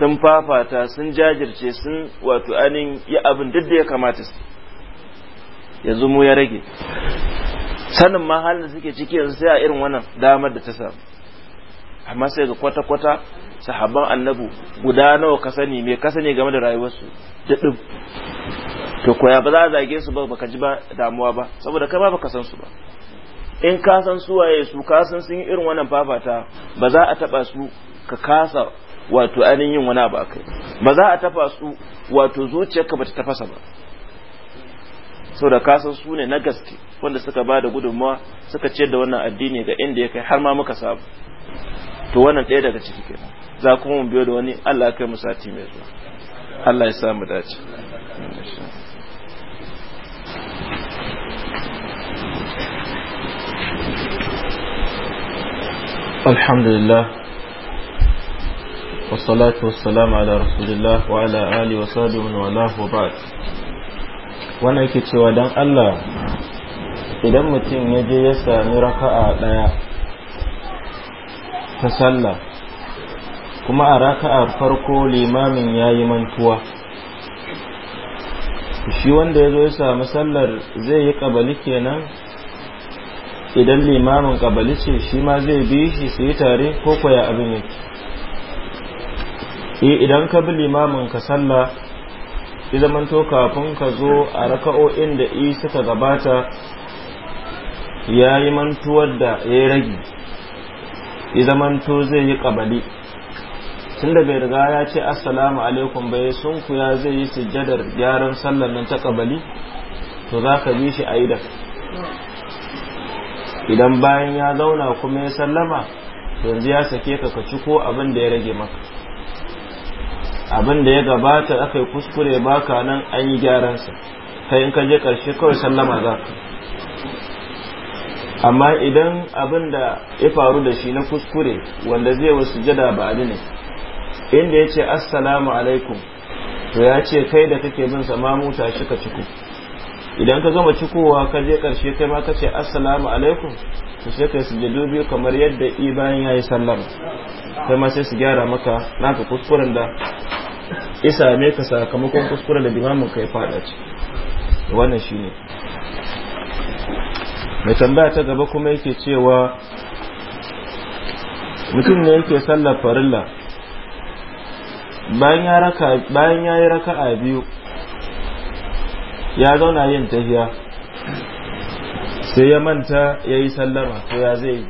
sun fafata sun jajirce sun wato anin yi abin duk da ya kamata su yanzu mu ya rage sanin ma halin da suke ciki yanzu sai a irin wannan damar da ta samu amma sai ga kwata-kwata sahabban annabu guda nawa ka sani me ka sani game da rayuwarsu da ɗin to koya ba za a zage su ba baka ji ba damuwa ba saboda kai ba baka san su ba in ka san su waye su ka san sun yi irin wannan fafata ba za a taba su ka kasa wato ainihin yin wani abu akai kai ba za a tafa su wato zuciyarka ba ta tafasa ba saboda kasan su ne na gaske wanda suka ba da gudunmawa suka ciyar da wannan addini ga inda ya kai har ma muka samu to wannan ɗaya daga ciki kenan za kuma mu biyo da wani Allah ya kai mu sati mai zuwa Allah ya samu dace alhamdulillah والصلاة والسلام على رسول الله وعلى آله وصحبه من وبعد وانا cewa dan Allah idan mutum ya je ya sami raka'a ɗaya ta sallah kuma a raka'ar farko limamin yayi mantuwa shi wanda ya zo ya sami sallar zai yi kabali kenan idan limamin kabali ce shi ma zai bi shi su yi tare ko kwaya abin yake eh idan ka bi limamin ka salla ya zamanto kafin ka zo a raka'o'in da i suka gabata ya yi mantuwar da ya yi ragi ya zamanto zai yi kabali tun da bai riga ya ce assalamu alaikum bai sun kuya zai yi sujjadar gyaran sallar nan ta kabali to za ka bi shi a idan idan bayan ya zauna kuma ya sallama yanzu ya sake ka ka ci ko abin da ya rage maka abin da ya gabata aka yi kuskure ka nan an yi gyaransa kai in ka je ƙarshe kawai sallama za ka amma idan abin da ya faru da shi na kuskure wanda zai wasu jada ba ne inda ya ce assalamu alaikum to ya ce kai da kake bin sama muta shi ka ciko idan ka gama cikowa ka je karshe kai ma ka ce assalamu alaikum su sai kai sujudu biyu kamar yadda i bayan yi sallar kai ma sai su gyara maka naka kuskuren da isa ne ka sakamakon kuskuren da limamin kai ya fada ce wannan shi ne. mai tambaya ta gaba kuma yake cewa mutum ne yake sallar farilla bayan ya yi raka a biyu ya zauna yin tahiya sai ya manta ya yi sallama to ya zai yi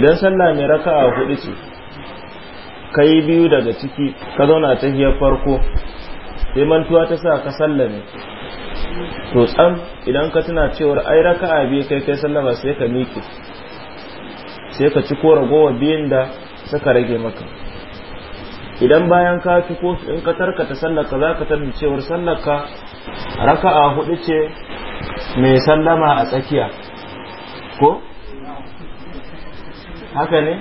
idan sallah mai a hudu ce ka yi biyu daga ciki ka zauna ta hiyar farko sai mantuwa ta sa ka sallame to tsam idan ka tuna cewar ai raka a biyu kai kai sallama sai ka miƙe sai ka ci ko ragowa biyun da suka rage maka idan bayan ka ci ko in ka tarkata sallaka za ka cewar sallaka raka a hudu ce mai sallama a tsakiya ko haka ne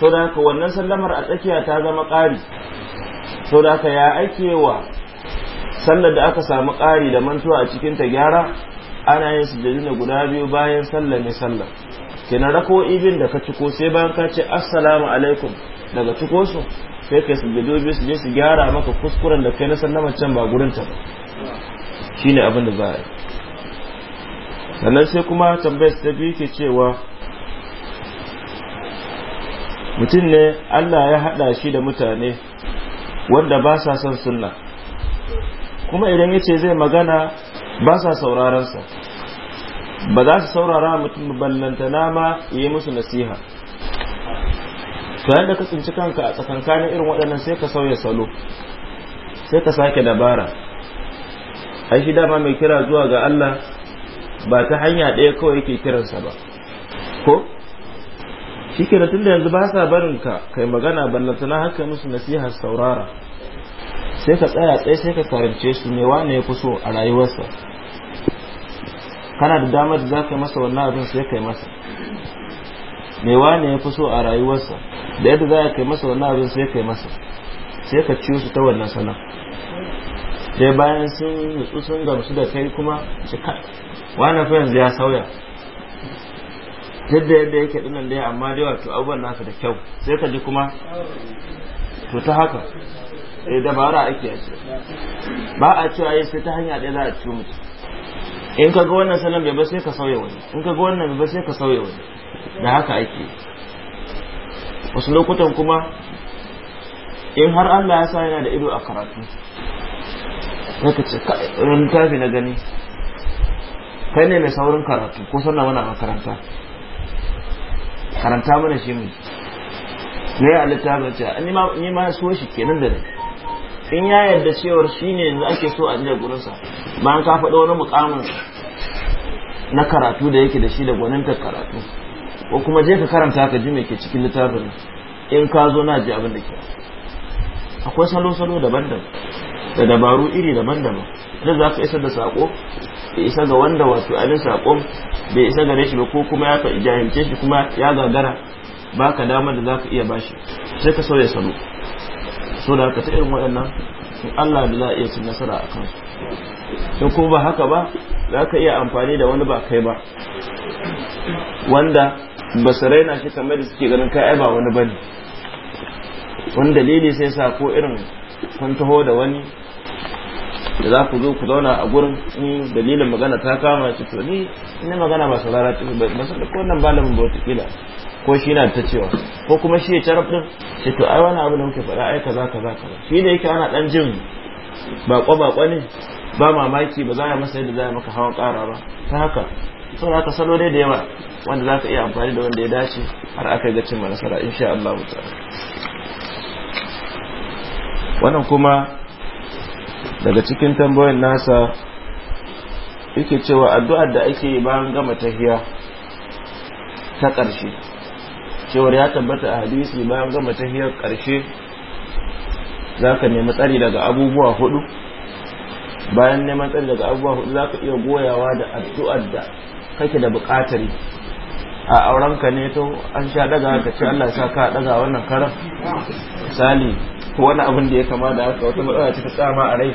so da haka wannan sallamar a tsakiya ta zama ƙari so da haka ya aike wa sallar da aka samu ƙari da mantuwa a cikin ta gyara ana yin sujjadi da guda biyu bayan sallar ne sallar kenan rako ibin da ka ciko sai bayan ka ce assalamu alaikum daga ciko su sai ka sujjado biyu su je su gyara maka kuskuren da kai na sallamar can ba gurin ta ba shine abin da za a yi sannan sai kuma tambayar ta biyu ke cewa mutum ne Allah ya haɗa shi da mutane wanda ba sa son sunna kuma idan ya ce zai magana ba sa saurarensa ba za su saurara mutum ballantana ma yi musu nasiha sayan da ka tsinci kanka a tsakankanin irin waɗannan sai ka sauya salo sai ka sake dabara ai shi dama mai kira zuwa ga Allah ba ta hanya ɗaya kawai yake kiransa ba ko shi ke da tunda yanzu ba sa barin ka kai magana ballantana haka musu nasiha saurara sai ka tsaya tsaye sai ka karance su ne wane ya fi so a rayuwarsa kana da damar da za ka masa wannan abin sai yi masa me wane ya fi so a rayuwarsa da yadda za ka kai masa wannan abin sai yi masa sai ka ciyo su ta wannan sana'a sai bayan sun nutsu sun gamsu da kai kuma su ka wani fa yanzu ya sauya duk da yadda yake dinan dai amma dai wato abubuwan nasu da kyau sai ka ji kuma to ta haka eh dabara ake a ba a cewa yi sai ta hanya ɗaya za a ci mutu in ka ga wannan salon bai ba sai ka sauya wani in ka ga wannan bai ba sai ka sauya wani da haka ake wasu lokutan kuma in har Allah ya sa yana da ido a karatu zaka ce wani littafi na gani kai ne mai saurin karatu ko sanna mana makaranta karanta mana shi mu ne a littafin ce ni ma so shi kenan da in ya yarda cewar shi ne yanzu ake so a jiya gurinsa bayan ka faɗo wani mukamin na karatu da yake da shi da gwaninta karatu ko kuma je ka karanta ka ji mai ke cikin littafin in ka zo na ji abin da ke akwai salo-salo daban-daban da dabaru iri daban-daban idan za ka isa da sako bai isa ga wanda wasu abin sakon bai isa gare shi ba ko kuma ya jahilce shi kuma ya gagara ba ka damar da za ka iya bashi sai ka sauya salo so da ka ta irin waɗannan sun Allah da za a iya cin nasara a kansu in ko ba haka ba za ka iya amfani da wani ba kai ba wanda ba su raina shi kamar da suke ganin kai ba wani ba ne wani dalili sai sa ko irin kun taho da wani da za ku zo ku zauna a gurin in dalilin magana ta kama ce to ni ina magana ba saurara ta ba sai da wannan balamin ba kila ko shi na ta cewa ko kuma shi ya carab din shi to ai wani abu da muke faɗa ai kaza kaza kaza shi da yake ana dan jin bako bako ne ba mamaki ba za a masa yadda za a maka hawan kara ba ta haka sau da aka salo dai da yawa wanda za ka iya amfani da wanda ya dace har aka yi gacin cin nasara insha Allah mutane. wannan kuma daga cikin tambayoyin nasa yake cewa addu'ar da ake yi bayan gama tahiya ta ƙarshe cewar ya tabbata a hadisi bayan gama tahiyar ƙarshe za ka nemi tsari daga abubuwa hudu bayan neman tsari daga abubuwa hudu za ka iya goyawa da addu'ar da kake da buƙatar a ka ne to an sha daga ka ce Allah sa ka daga wannan karan misali ko wani abin da ya kama da haka wata matsala ce ta tsama a rai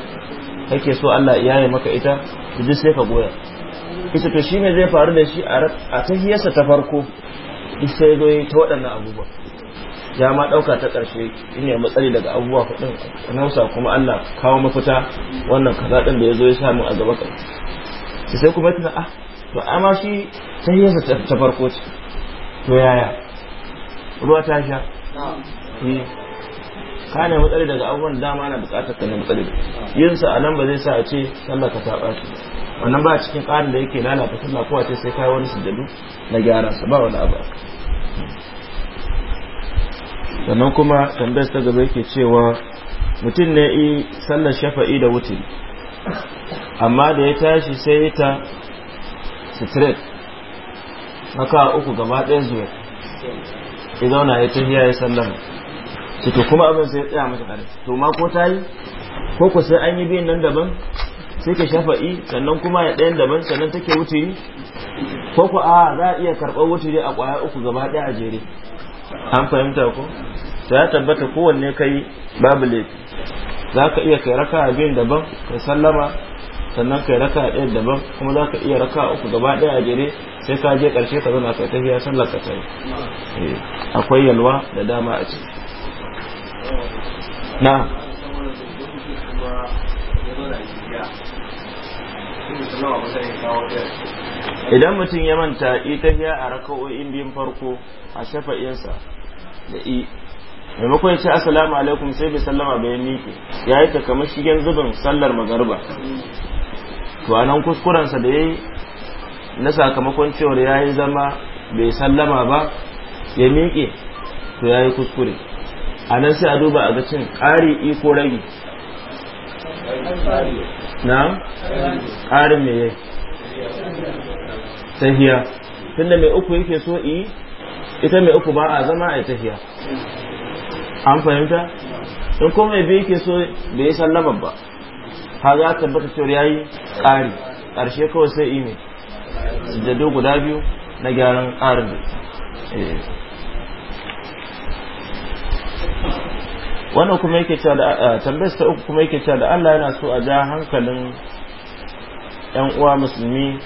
kake so Allah ya yi maka ita to duk sai ka goya ita to shi ne zai faru da shi a tahiyarsa ta farko sai zo ta waɗannan abubuwa ya ma ɗauka ta ƙarshe in matsali daga abubuwa kuɗin nausa kuma Allah kawo mafita wannan kaza da ya zo ya min a gaba kai sai kuma tuna ah to amma shi tahiyarsa ta farko ce to yaya ruwa ta sha eh. kana ne matsali daga abubuwan dama ana bukatar ka ne matsali yin sa a nan ba zai sa a ce sallah ka ta shi wannan ba cikin karin da yake lalata sallah ko a ce sai kai wani du na gyara sa ba wani abu sannan kuma tambayar ta gaba yake cewa mutum ne yi sallar shafa'i da wuce amma da ya tashi sai ta sitret maka uku gaba ɗaya zuwa ya zauna ya tafiya ya sallama sai to kuma abin sai tsaya masa ƙarfi to ma ko ta yi ko ko sai an yi biyan nan daban sai ka shafa'i sannan kuma ya ɗayan daban sannan take ni ko ko a za a iya karɓar ne a ƙwaya uku gaba ɗaya a jere an fahimta ko to ya tabbata kowanne kai babu laifi za ka iya kai raka biyan daban kai sallama sannan kai raka ɗaya daban kuma za ka iya raka uku gaba ɗaya a jere sai ka je ƙarshe ka zama ka tafiya sallar ka tafi eh, akwai yalwa da dama a ciki na idan mutum ya manta ita ya a raka'o'in biyun farko a shafa'insa da i maimakon ce asalamu alaikum sai bai sallama bai miƙe ya yi ta kamar shigen zubin sallar magarba to a nan kuskurensa da ya yi na sakamakon cewar ya yi zama bai sallama ba ya miƙe to ya yi kuskure a nan sai a duba a ga cin ƙari iko ragi na ƙarin me yai tahiya tunda mai uku yake so i ita mai uku ba a zama a tahiya an fahimta in kuma mai biyu ke so bai yi sallama ba ha za ta tabbata cewar yi ƙari ƙarshe kawai sai i ne sujjadu guda biyu na gyaran ƙarin da eh. wannan kuma yake cewa da eh, tambayar ta uku kuma yake cewa da Allah yana so a ja hankalin yan uwa musulmi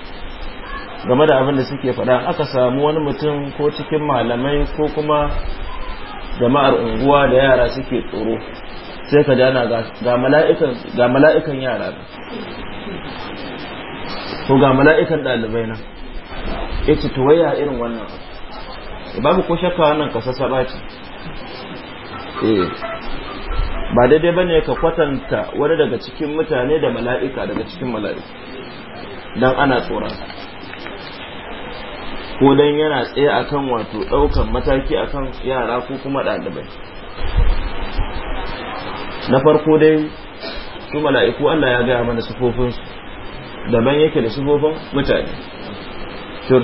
game da abin da suke faɗa aka samu wani mutum ko cikin malamai ko kuma jama'ar unguwa da yara suke tsoro sai ka jana ga mala'ikan yara ko ga mala'ikan ɗalibai nan yace to waya irin wannan babu ko shakka wannan kasassa ba ce eh. ba daidai ba ne ka kwatanta wani daga cikin mutane da mala'ika daga cikin mala'ika don ana tsoronsa ko don yana tsaye akan wato ɗaukan mataki akan yara ko kuma ɗalibai na farko dai su mala'iku Allah ya gaya mana sufofinsu daban yake da sufofin mutane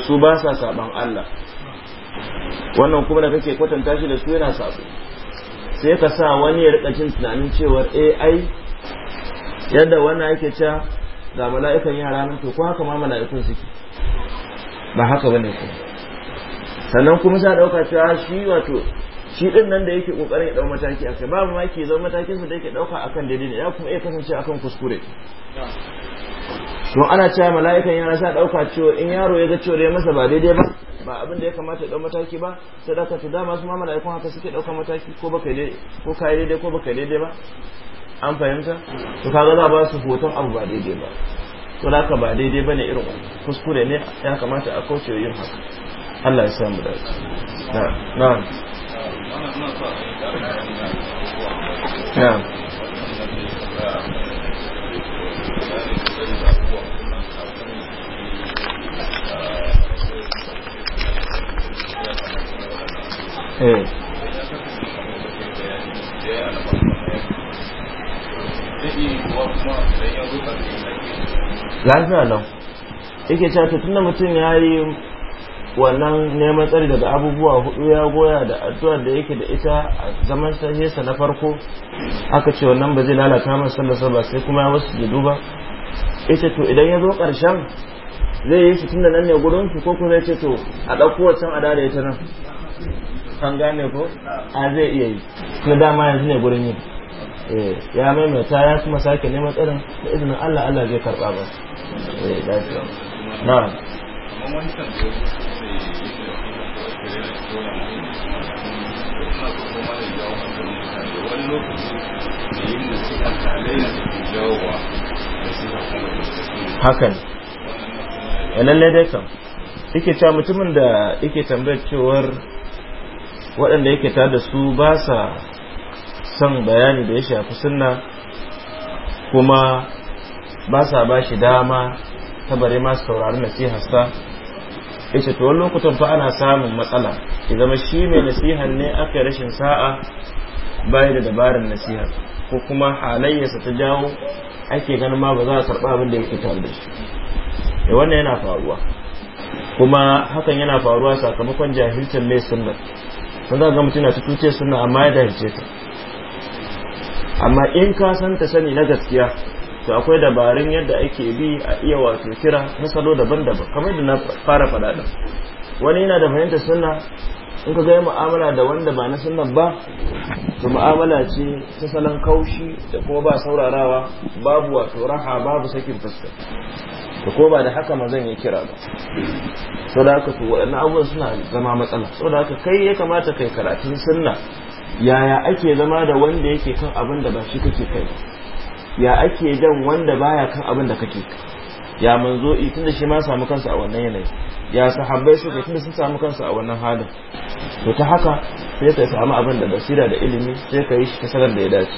su ba sa saban Allah wannan kuma da kake kwatanta shi da su yana sasu. sai ka sa wani ya rikacin tunanin cewar eh, ai yadda wannan yake cewa ga mala'ikan yara nan to ko haka ma mala'ikun suke ba haka bane ko sannan kuma sa dauka cewa shi wato shi din nan da yake kokarin ya dau mataki a kai ba yake zama matakin sa da yake dauka akan daidai ne ya kuma iya kasance akan kuskure to ana cewa mala'ikan yana sa dauka cewa in yaro ya ga cewa ya masa ba daidai ba ba abin da ya kamata ya dau mataki ba sadaka ta dama su ma mala'ikun haka suke ɗaukar mataki ko baka daidai ko ka dai ko baka daidai ba an fahimta to kaga za ba su hoton abu ba daidai ba to haka ba daidai bane irin kuskure ne ya kamata a kauce yin haka Allah ya samu da na na na eh lafiya nan yake cewa ta mutum ya yi wannan neman tsari daga abubuwa hudu ya goya da addu'ar da yake da ita a zaman sahiyarsa na farko aka ce wannan ba zai lalata masa sallasa ba sai kuma ya wasu jidu ba ita to idan ya zo ƙarshen zai yi shi tun da nan ne gurin ku ko kuma zai ce to a ɗauko wancan a da ita nan kan gane ko a zai iya yi na dama yanzu ne gurin yi ya maimaita ya kuma sake neman tsarin da izinin Allah Allah zai karɓa ba hakan a lalle dai kam yake cewa mutumin da yake tambayar cewar waɗanda yake tada su ba sa son bayani da ya shafi sunna kuma ba sa ba shi dama ta bare masu saurari nasihasta yace to wani lokutan fa ana samun matsala ki zama shi mai nasihar ne aka rashin sa'a bai da dabarar nasiha ko kuma halayyarsa ta jawo ake ganin ma ba za a karɓa abin da yake tare da shi da eh, wannan yana faruwa kuma hakan yana faruwa sakamakon jahilcin mai sunna sun za ga mutum na ta tuce sunna amma ya jahilce ta amma in ka san ta sani na gaskiya to akwai dabarun yadda ake bi a iya wato kira na salo daban-daban kamar da na fara faɗaɗa wani yana da fahimtar sunna in ka gaya mu'amala da wanda ba na sunan ba to mu'amala ce ta salon kaushi da kuma ba saurarawa babu wato raha babu sakin fuska da ko ba da haka ma zan yi kira ba sau da haka to waɗanda abubuwan suna zama matsala sau da haka kai ya kamata kai karatun sunna yaya ake zama da wanda yake kan abin da ba shi kake kai ya ake jan wanda baya kan abin da kake ya manzo tun da shi ma samu kansa a wannan yanayi ya sahabbai kai tun da sun samu kansa a wannan halin to ta haka sai ka samu abin da basira da ilimi sai ka yi shi ta sanar da ya dace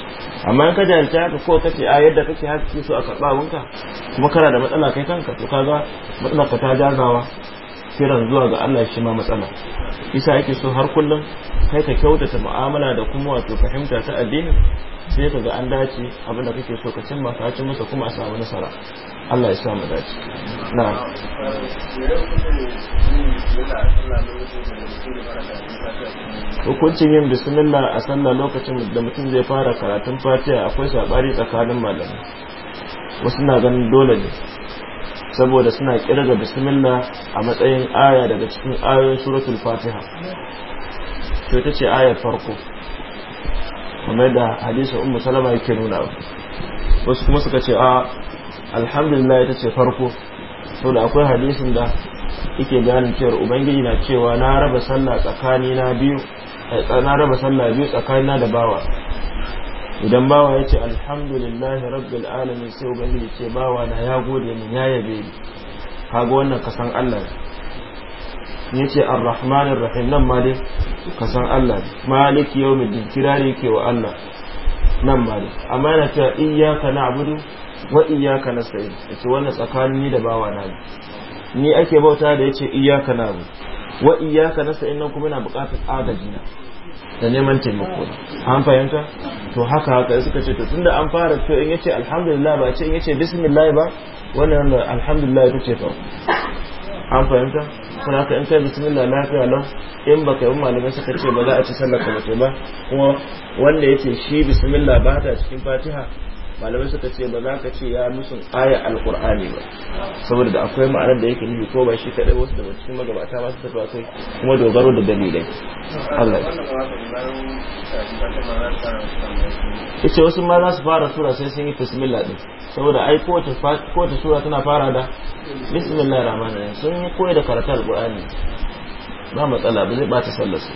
amma in ka jahilci haka ko ka ce a yadda kake haske so a karɓa abinka kuma kana da matsala kai kanka to kaga matsalar ka ta jazawa kiran zuwa ga Allah shi ma matsala isa yake so har kullum kai ka kyautata mu'amala da kuma wato fahimta ta addini sai ka ga an dace abinda kake so ka cimma ka ci masa kuma a samu nasara Allah ya samu dace na hukuncin yin bismillah a sallah lokacin da mutum zai fara karatun fatiha akwai sabari tsakanin malamai wasu na ganin dole ne saboda suna ga bismillah a matsayin aya daga cikin ayoyin suratul fatiha to ita ce ayar farko kamar da hadisin ummu salama yake nuna wasu kuma suka ce a alhamdulillah ita ce farko saboda akwai hadisin da yake bayanin cewar ubangiji na cewa na raba sallah tsakani na biyu eh, na raba sallah biyu tsakani na da bawa idan bawa ya ce alhamdulillah rabbil alamin sai ya ce bawa na ya gode ni ya yabe ni kaga wannan kasan Allah ne yace arrahmanir rahim nan ma dai kasan Allah ne maliki yawmiddin kirari ke wa Allah nan ma dai amma yana cewa iyyaka na'budu wa iyyaka nasta'in yace wannan tsakanin ni da bawa na ne ni ake bauta da yace iyyaka na'budu wa iyyaka nasta'in nan kuma ina buƙatar agaji na da neman taimako an fahimta to haka haka suka ce to tunda an fara to in yace alhamdulillah ba ce in yace bismillah ba wannan alhamdulillah ta ce to. an fahimta kuma haka in kai bismillah lafiya lau in baka yi malamai suka ce ba za a ci sallar ka ba kuma wanda yace shi bismillah ba ta cikin fatiha malamai suka ce ba za ka ce ya musun aya alkur'ani ba saboda da akwai ma'anar da yake nufi ko ba shi kaɗai wasu da cikin magabata ba su tafi kai kuma dogaro da dalilai Allah ya ce wasu ma za su fara sura sai sun yi bismillah din saboda ai kowace sura tana fara da bismillah rahman sun yi koyi da karatun alkur'ani ba matsala ba zai bata sallasa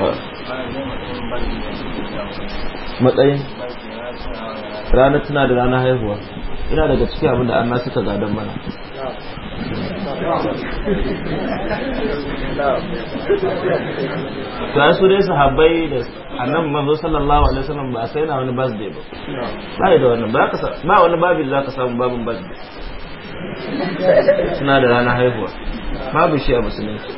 ba matsayin ranar tana da ranar haihuwa ina daga cikin abin da na suka gadon mana ta su dai sahabbai da annan mazo sallallahu alaihi wasallam ba sai na wani birthday ba ba da wannan ba ka ba wani babin zaka samu babin birthday suna da ranar haihuwa babu shi a musulunci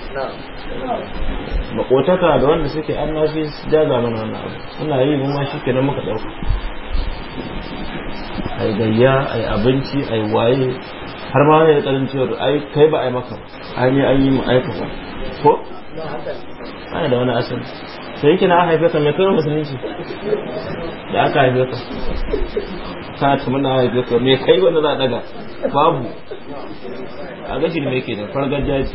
makotaka da wanda suke annashi su jaza mana wannan abu suna yi mu ma kenan muka dauka ai gayya ai abinci ai waye har ma ne da karin cewar ai kai ba ai maka an yi an yi mu aika kaza ko ana da wani asali sai yake na aka haife ka mai kai musulunci da aka haife ka ka tuma na haife ka mai kai wanda za a daga babu a gashi ne mai ke da fargar jaji